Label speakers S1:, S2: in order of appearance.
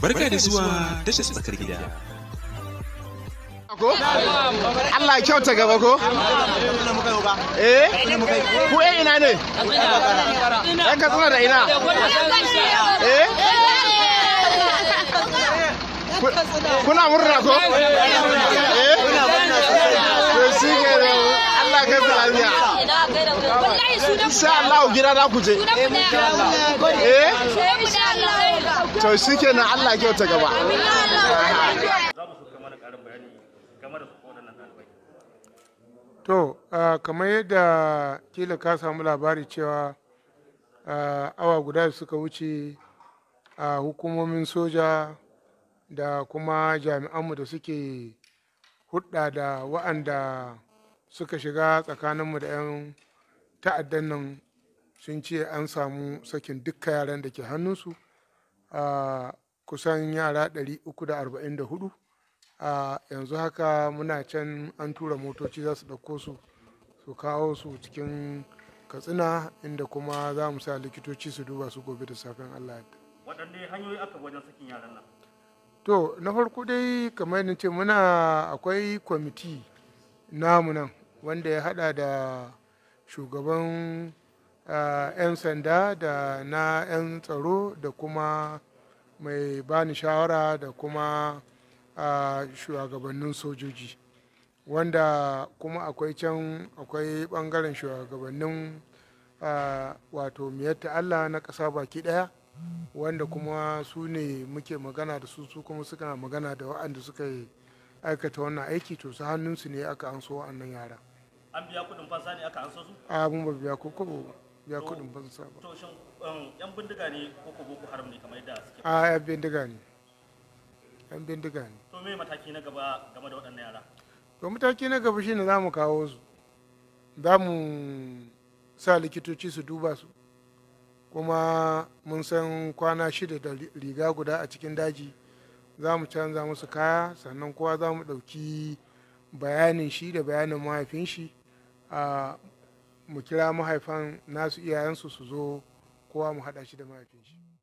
S1: Barka da zuwa tashar tsakar gida. Allah ya kyauta gaba ko? Eh? Ku eh ina ne? Ɗan katsina da ina? Eh? Kuna murna ko? Eh? To shi ke da Allah kai lafiya. Insha Allah gida da ku je. Eh, to shi ke na Allah kyauta gaba to kamar yadda kila ka samu labari cewa awa guda suka wuce a hukumomin soja da kuma jami'anmu da suke hudda da wa'anda suka shiga tsakaninmu da 'yan ta'addan nan sun ce an samu sakin dukkan yaran da ke hannunsu a kusan yara 344 a yanzu haka muna can an tura motoci za su dauko su su kawo su cikin katsina inda kuma za mu sa likitoci su duba su gobe da safin allah waɗanne hanyoyi aka wajen sakin yaran nan to na farko dai kamar yadda ce muna akwai kwamiti namu nan wanda ya hada da shugaban 'yan sanda da na 'yan tsaro da kuma mai bani shawara da kuma shugabannin sojoji wanda kuma akwai can akwai bangaren shugabannin wato miyatta allah na ƙasa baki ɗaya wanda kuma su ne muke magana da su su kuma suka magana da waɗanda suka yi aikata wannan aiki to su hannunsu ne aka anso wa'annan yara an biya kuɗin fasa ne aka anso su a mun biya ko biya kudin sa ba to shin um, yan bindiga ne ko ko boko haram ne kamar yadda suke a yan bindiga ne yan bindiga ne to me mataki na gaba game da waɗannan yara to mataki na gaba shine za mu kawo su za mu sa likitoci su duba su kuma mun san kwana shida da riga guda a cikin daji za mu canza musu kaya sannan kowa za mu ɗauki bayanin shi da bayanin mahaifin shi a ah, mu kira mahaifan nasu iyayensu su zo kowa mu haɗa shi da mahaifin shi